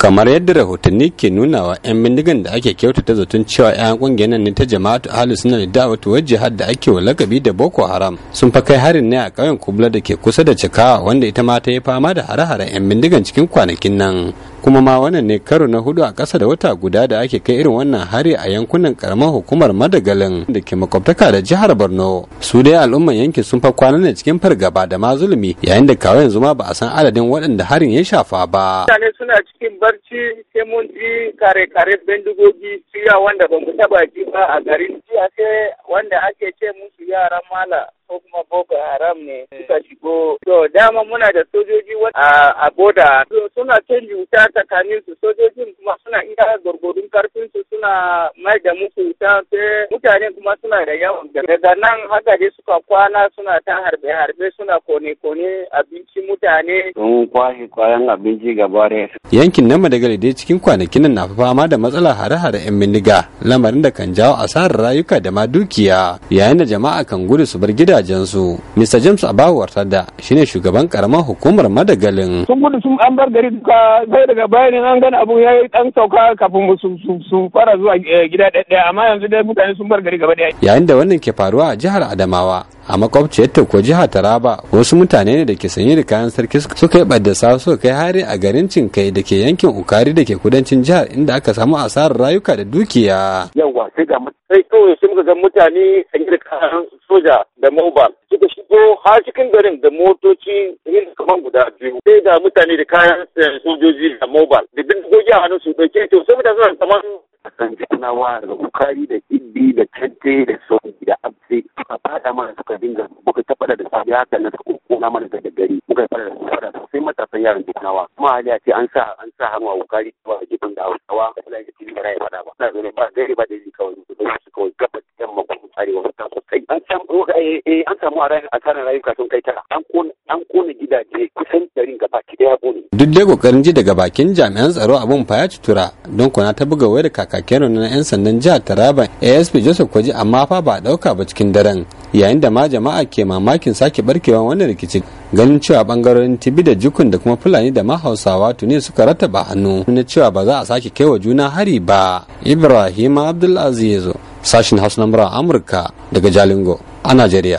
kamar yadda rahotanni ke nuna wa 'yan bindigan da ake kyautata zaton cewa 'yan kungiyar nan ne ta jama'atu ahalus suna da da'watu wajen jihar da ake wa lakabi da boko haram sun fa kai harin ne a ƙauyen kubla da ke kusa da cikawa wanda ita ma ta yi fama da hare-haren 'yan bindigan cikin kwanakin nan kuma ma wannan ne karo na hudu a ƙasa da wata guda da ake kai irin wannan hari a yankunan karamar hukumar madagalin da ke makwabtaka da jihar borno su dai al'umman yankin sun fa kwana ne cikin fargaba da ma zulumi yayin da kawo yanzu ma ba a san adadin waɗanda harin ya shafa ba mutane suna cikin barci sai mun ji kare-kare bindigogi suya wanda ba mu taba ji ba a garin jiya sai wanda ake ce musu yaran mala ko kuma haram ne suka shigo to dama muna da sojoji a boda suna canji wuta tsakanin su sojojin kuma suna iya gwargwadon karfin su suna mai da musu wuta sai mutane kuma suna da yawan daga nan haka dai suka kwana suna ta harbe harbe suna kone kone abinci mutane sun kwashe kwayan abinci gaba yankin na madagali dai cikin kwanakin nan na fama da matsalar hare-hare 'yan bindiga lamarin da kan jawo asarar rayuka da ma dukiya yayin da jama'a kan gudu su bar gidajensu mista James Abawu shi ne shugaban karamar hukumar Madagalin. Sun gudu sun an bar gari duka sai daga bayan an gani abu ya yi dan sauka kafin su fara zuwa eh, gida ɗaya amma yanzu dai mutane sun bar gari gaba ɗaya. Yayin da wannan ke faruwa a jihar Adamawa a makwabciyarta ko jihar taraba wasu mutane ne da ke sanye da kayan sarki suka yi sa su kai hari a garin cinkai da ke yankin ukari da ke kudancin jihar inda aka samu asarar rayuka da dukiya yawa sai ga sai kawai sun ga mutane sanye da kayan soja da mobile suka shigo har cikin garin da motoci yin kaman guda biyu sai ga mutane da kayan eh, sojoji da mobile da bindigogi a hannun su dauke to sai mutane suna kaman kan nawa da ukari da kiddi da tante da sauran da abu suka fada mana suka dinga muka ta fada da sabi haka na suka kona mana da gari muka fada da fada sai matasan yaran dukunawa kuma hali a ce an sa an sa hanwa wukari zuwa a gidan da hausawa da fulani da cikin bara ya fada ba na zo ne ba gari ba da yi kawai Eh, eh, an samu asarar rayuka sun kai tara an kona gidaje kusan garin gaba ki daya kone. duk dai kokarin ji daga bakin jami'an tsaro abun fa ya cutura don kuna ta buga wayar kakakin na yan sandan jihar taraba asp joseph kwaji amma fa ba a dauka ba cikin daren yayin da ma jama'a ke mamakin sake barkewa wannan rikici ganin cewa bangarorin tibi da jukun da kuma fulani da ma hausawa tuni suka rata rattaba hannu na cewa ba za a sake kaiwa juna hari ba ibrahim abdulaziz sashin hausa na amurka daga jalingo a Najeriya.